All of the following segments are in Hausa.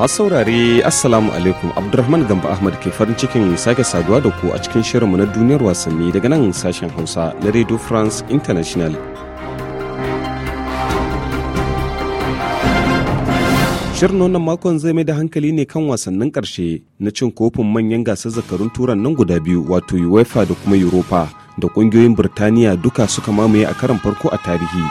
masu saurare assalamu alaikum abdulrahman gamba ahmad ke farin cikin sake saduwa da ku a cikin shirinmu na duniyar wasanni daga nan sashen hausa na radio france international shirin wannan makon zai mai da hankali ne kan wasannin karshe na cin kofin manyan gasar zakarun turan nan guda biyu wato uefa da kuma europa da kungiyoyin birtaniya duka suka mamaye a karon farko a tarihi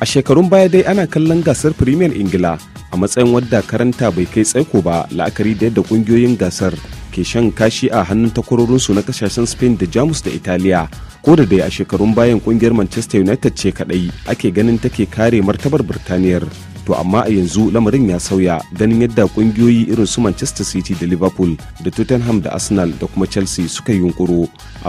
A shekarun baya dai ana kallon gasar Premier Ingila a matsayin wadda karanta bai kai tsaiko ba la'akari da yadda kungiyoyin gasar ke shan kashi a hannun takwarorinsu na kasashen Spain da Jamus da Italiya. Ko da dai a shekarun bayan kungiyar Manchester United ce kadai ake ganin take kare martabar Birtaniyar. to amma a yanzu lamarin ya sauya ganin yadda kungiyoyi irin su manchester city da liverpool da tottenham da arsenal da kuma chelsea suka yunkuro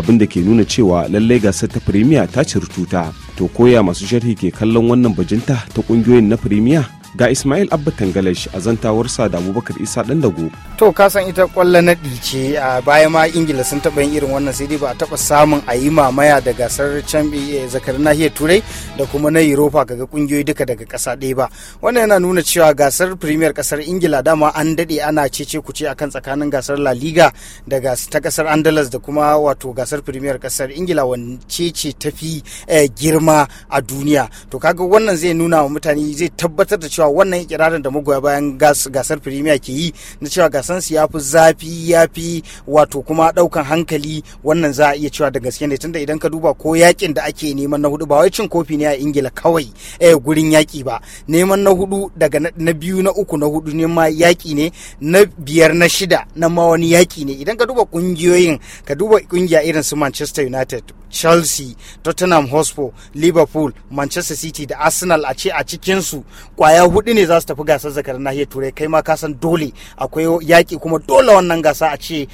abin da ke nuna cewa lallai gasar ta premier ta ci rututa. to koya masu sharhi ke kallon wannan bajinta ta kungiyoyin na firimiya ga ismail abba tangalash a zantawarsa da abubakar isa dan dago to kasan ita kwallo na ce a baya ma ingila sun taba yin irin wannan sai dai ba a taɓa samun a yi mamaya da gasar champion eh, zakar nahiyar turai da kuma na europa kaga kungiyoyi duka daga kasa. ɗaya ba wannan yana nuna cewa gasar premier kasar ingila dama an dade ana cece kuce akan tsakanin gasar la liga da ta kasar andalus da kuma wato gasar premier kasar ingila wacce ce tafi eh, girma a duniya to kaga wannan zai nuna wa mutane zai tabbatar da cewa cewa wannan ikirarin da magoya bayan gasar firimiya ke yi na cewa gasar su ya fi zafi ya fi wato kuma daukan hankali wannan za a iya cewa da gaske ne tunda idan ka duba ko yakin da ake neman na hudu ba wai cin kofi ne a ingila kawai eh gurin yaki ba neman na hudu daga na biyu na uku na hudu ne ma yaki ne na biyar na shida na ma wani yaki ne idan ka duba kungiyoyin ka duba kungiya irin su manchester united chelsea tottenham hotspur liverpool manchester city da arsenal a ce a cikinsu kwaya hudu ne za su tafi gasar zakar nahiyar turai kai ma ka san dole akwai yaki kuma dole wannan gasa a ce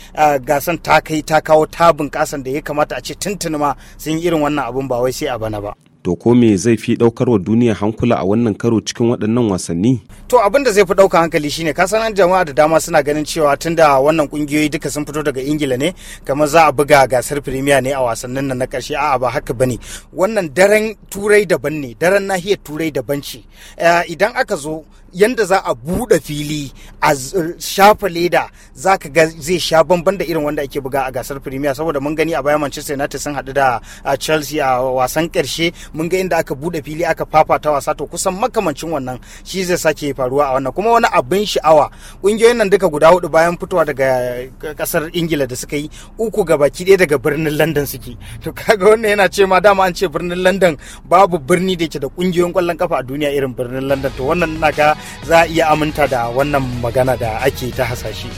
gasan ta kai ta kawo ta kasan da ya kamata a ce tuntuni ma sun yi irin wannan abun ba wai sai a bana ba to ko me zai fi daukar wa duniya hankula a wannan karo cikin waɗannan wasanni to abin da zai fi ɗauka hankali shine kasanan jama'a da dama suna ganin cewa tunda wannan kungiyoyi duka sun fito daga ingila ne kamar za a buga gasar premier ne a wasannin nan na ƙarshe a'a ba haka bane wannan daren turai daban ne daren nahiyar turai daban ce eh, idan aka zo yanda za a buɗe fili a shafa leda za ka ga zai sha bamban da irin wanda ake buga a gasar premier saboda mun gani a baya manchester united sun haɗu da chelsea a wasan ƙarshe mun ga inda aka bude fili aka fafata wasa to kusan makamancin wannan shi zai sake faruwa a wannan kuma wani abin sha'awa kungiyoyin nan duka guda hudu bayan fitowa daga kasar ingila da suka yi uku ga baki ɗaya daga birnin london suke to kaga wannan yana ce ma dama an ce birnin london babu birni da yake da kungiyoyin kwallon kafa a duniya irin birnin london to wannan naka za a iya aminta da wannan magana da ake ta hasashe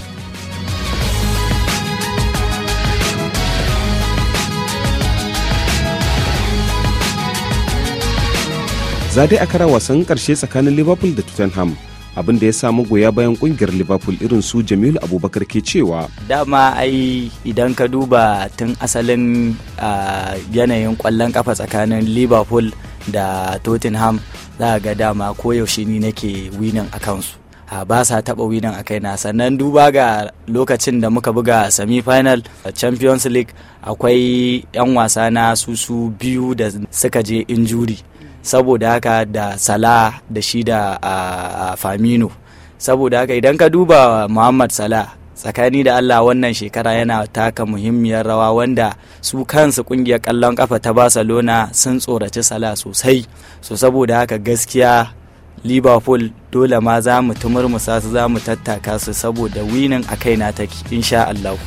za dai a kara wasan karshe tsakanin liverpool da tottenham abin da ya samu goya bayan kungiyar liverpool irin su jamil abubakar ke cewa dama ai idan ka duba tun asalin yanayin kwallon kafa tsakanin liverpool da tottenham za a ga dama koyaushe ne nake winin a kansu ba sa taba winin a kaina sannan duba ga lokacin da muka buga semi-final champions league akwai 'yan wasa na susu biyu da suka je injuri saboda haka da sala da shi da famino saboda haka idan ka duba muhammad sala tsakani da allah wannan shekara yana taka muhimmiyar rawa wanda su kansu kungiyar kallon kafa ta barcelona sun tsoraci sala sosai so saboda haka gaskiya liverpool dole ma za mu musa su za mu tattaka su saboda winin a kaina ta insha allahu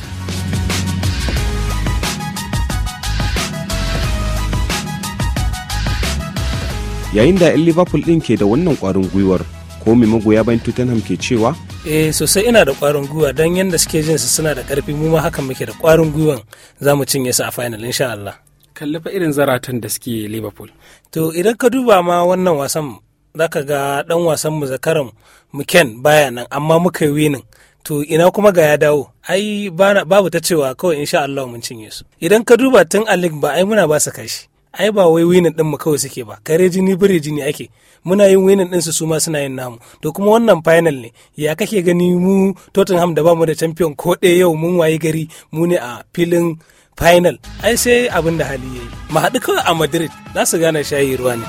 yayin da 'yan liverpool din ke da wannan ƙwarin gwiwar ko mai magoya bayan tottenham ke cewa eh sosai ina da ƙwarin gwiwa don yadda suke jin su suna da ƙarfi mu ma haka muke da ƙwarin gwiwan za mu cinye su a final insha Allah kalli fa irin zaratan da suke liverpool to idan ka duba ma wannan wasan zaka ga dan wasan mu zakaran muken baya nan amma muka yi winin to ina kuma ga ya dawo ai babu ta cewa kawai insha Allah mun cinye su idan ka duba tun Alik, ba ai muna ba su kashi ai ba wai winan din mu kawai suke ba kare jini bare jini ake muna yin winan din su su ma suna yin namu to kuma wannan final ne ya kake gani mu Tottenham da bamu da champion ko ɗaya yau mun wayi gari mu ne a filin final ai sai abin da hali yayi mu haɗu kawai a Madrid za su gane shayi ruwa ne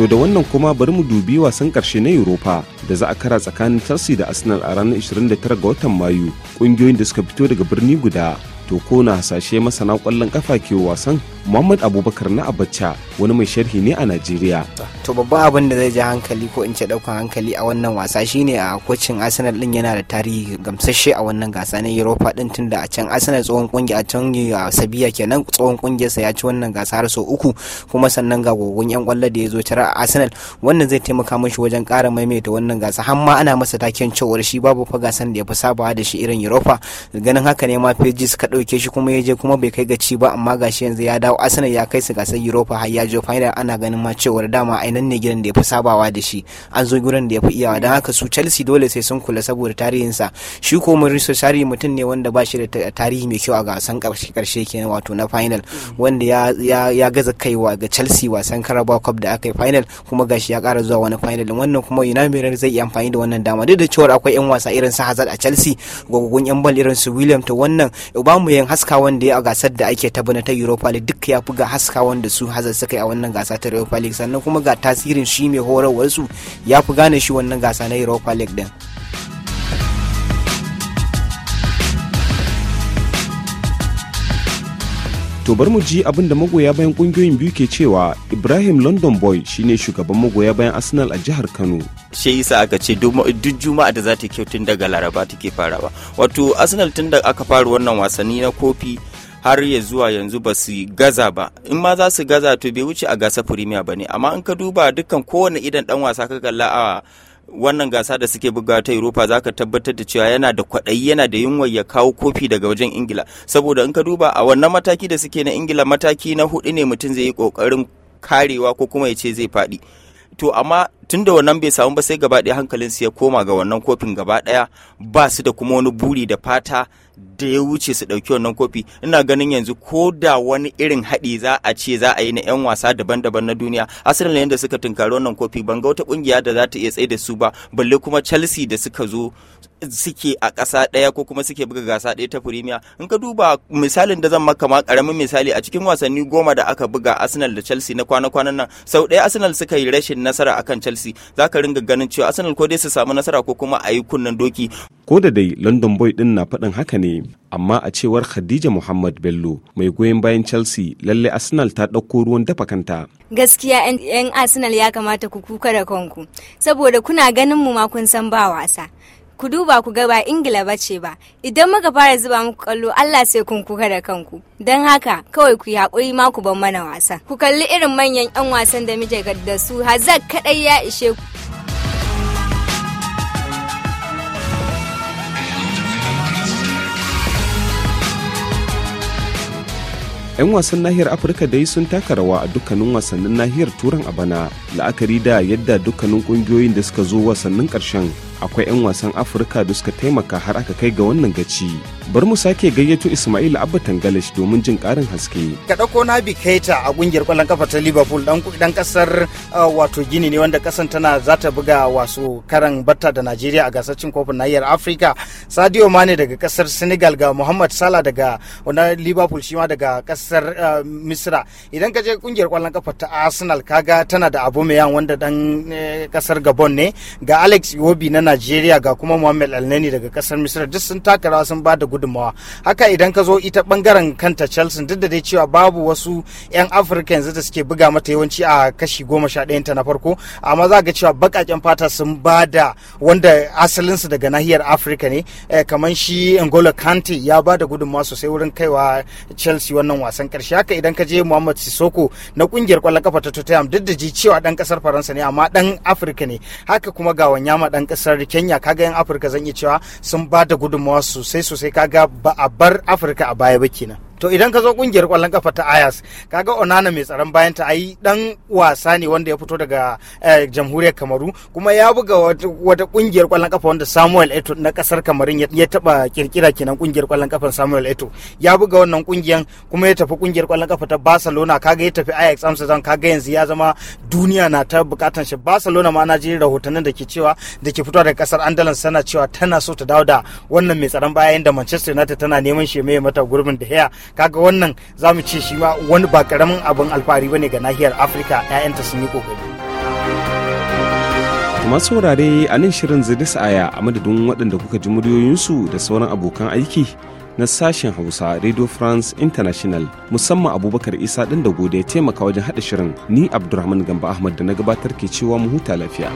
To da wannan kuma bari mu dubi wasan ƙarshe na Europa da za a kara tsakanin Chelsea da Arsenal a ranar 29 ga watan Mayu ƙungiyoyin da suka fito daga birni guda. to ko na hasashe masana kwallon kafa ke wasan muhammad abubakar na abacha wani mai sharhi ne a najeriya to babban abin da zai ji hankali ko in ce daukan hankali a wannan wasa shine a kocin arsenal din yana da tarihi gamsashe a wannan gasa na europa din tunda a can arsenal tsohon kungiya a can sabiya kenan tsohon ƙungiyarsa ya ci wannan gasa har sau uku kuma sannan ga gogon yan kwallo da ya zo tara a arsenal wannan zai taimaka mashi wajen kara maimaita wannan gasa har ma ana masa taken cewar shi babu fa gasan da ya fi sabawa da shi irin europa ganin haka ne ma pages ka ɗauke shi kuma ya je kuma bai kai gaci ba amma gashi yanzu ya dawo arsenal ya kai su gasar europa har ya je final ana ganin ma cewar dama ainihin ne gidan da ya fi sabawa da shi an zo gidan da ya fi iyawa dan haka su chelsea dole sai sun kula saboda tarihinsa shi ko mauricio sarri mutum ne wanda ba shi da tarihi mai kyau a gasan karshe kenan wato na final wanda ya gaza kaiwa ga chelsea wasan carabao cup da aka yi final kuma gashi ya kara zuwa wani final wannan kuma united zai iya amfani da wannan dama duk da cewar akwai yan wasa irin su hazard a chelsea gwagwagun yan bal irin su william to wannan ubamu samu haska wanda ya a gasar da ake ta bana ta europa league duk ya fi ga haska wanda su hazar suka yi a wannan gasa ta europa league sannan kuma ga tasirin shi mai horarwar su ya fi gane shi wannan gasa na europa league din To bar mu ji abin da magoya bayan kungiyoyin biyu ke cewa Ibrahim London Boy shine shugaban magoya bayan Arsenal a jihar Kano. Shi isa aka ce duk juma'a da za ta kyau tun daga Laraba take farawa. Wato Arsenal tun da aka fara wannan wasanni na kofi har ya zuwa yanzu ba su gaza ba in ma za su gaza to bai wuce a gasa premier ba ne amma in ka duba dukkan kowane idan dan wasa ka kalla a wannan gasa da suke buga ta Europa za ka tabbatar da cewa yana da kwaɗayi yana da yunwa ya kawo kofi daga wajen Ingila saboda in ka duba a wannan mataki da suke na Ingila mataki na hudu ne mutum zai yi kokarin karewa ko kuma ya ce zai faɗi to amma tun da wannan bai samu ba sai gaba ɗaya hankalin su ya koma ga wannan kofin gaba ɗaya ba su da kuma wani buri da fata da ya wuce su ɗauki wannan kofi ina ganin yanzu ko da wani irin haɗi za a ce za a yi na 'yan wasa daban-daban na duniya arsenal yadda suka tunkari wannan kofi ban ga wata ƙungiya da za ta iya tsaye da su ba balle kuma chelsea da suka zo suke a ƙasa ɗaya ko kuma suke buga gasa ɗaya ta firimiya in ka duba misalin da zan maka ma ƙaramin misali a cikin wasanni goma da aka buga arsenal da chelsea na kwana-kwanan nan sau ɗaya arsenal suka yi rashin nasara akan chelsea za ka ringa ganin cewa arsenal ko dai su samu nasara ko kuma a yi kunnen doki ko da dai london boy din na faɗin haka ne amma a cewar khadija muhammad bello mai goyon bayan chelsea lalle arsenal ta ɗauko ruwan dafa kanta gaskiya 'yan arsenal ya kamata ku kuka da kanku saboda kuna ganin mu ma kun san ba wasa ku duba ku ga ba ingila ba ce ba idan muka fara zuba muku kallo allah sai kun kuka da kanku don haka kawai ku yi haƙuri ma ku ban mana wasa ku kalli irin manyan 'yan wasan da muke da su hazak kaɗai ya ishe ku yan wasan nahiyar afirka dai sun taka rawa a dukkanin wasannin nahiyar turan a bana la'akari da yadda dukkanin kungiyoyin da suka zo wasannin karshen. akwai 'yan wasan afirka da suka taimaka har aka kai ga wannan gaci bari mu sake gayyato Ismail Abba Tangalish domin jin karin haske. Ka ɗauko Nabi Keita a kungiyar kwallon kafa ta Liverpool dan dan kasar uh, wato Gini ne wanda kasan tana za ta buga wasu karan batta da Najeriya a gasar cin kofin nahiyar africa Sadio Mane daga kasar Senegal ga Muhammad Salah daga na Liverpool shi ma daga kasar uh, Misra. Idan ka je kungiyar kwallon kafa ta Arsenal kaga tana da abu Aubameyang wanda dan kasar eh, Gabon ne ga Alex Iwobi na Najeriya ga kuma Muhammad Elneny daga kasar Misra duk sun taka rawa sun ba da gudunmawa haka idan ka zo ita bangaren kanta chelsea duk da dai cewa babu wasu 'yan afirka yanzu da suke buga mata yawanci a kashi goma sha ta na farko amma za ga cewa baƙaƙen fata sun ba da wanda asalinsu daga nahiyar afirka ne eh, kamar shi angola kante ya ba da gudunmawa sosai wurin kaiwa chelsea wannan wasan karshe haka idan ka je muhammad sissoko na kungiyar kwallon kafa ta tottenham duk da ji cewa dan kasar faransa ne amma dan afirka ne haka kuma ga wanyama dan kasar kenya kaga yan afirka zan iya cewa sun ba da gudunmawa sosai sosai kaga ga ba a bar afirka a baya ba kenan to idan ka zo kungiyar kwallon kafa ta ayas kaga onana mai tsaron bayan ta ayi dan wasa ne wanda ya fito daga eh, jamhuriyar kamaru kuma ya buga wata kungiyar kwallon kafa wanda samuel eto na kasar kamarin ya taba kirkira kenan kungiyar kwallon kafa samuel eto ya buga wannan kungiyan kuma ya tafi kungiyar kwallon kafa ta barcelona kaga ya tafi ajax amsterdam kaga yanzu ya zama duniya na ta bukatan shi barcelona ma na ji rahotannin da ke cewa da ke fito daga kasar andalan sana cewa tana so ta dawo da wannan mai tsaron bayan da manchester united tana neman shi mai mata gurbin da haya kaga wannan za mu ce shi ma wani ba karamin abin alfahari bane ga nahiyar afirka 'ya'yanta sun yi kokari masu saurare a nan shirin zai aya a madadin waɗanda kuka ji muryoyinsu da sauran abokan aiki na sashen hausa radio france international musamman abubakar isa ɗin da gode taimaka wajen haɗa shirin ni abdulrahman gamba ahmad da na gabatar ke cewa mu huta lafiya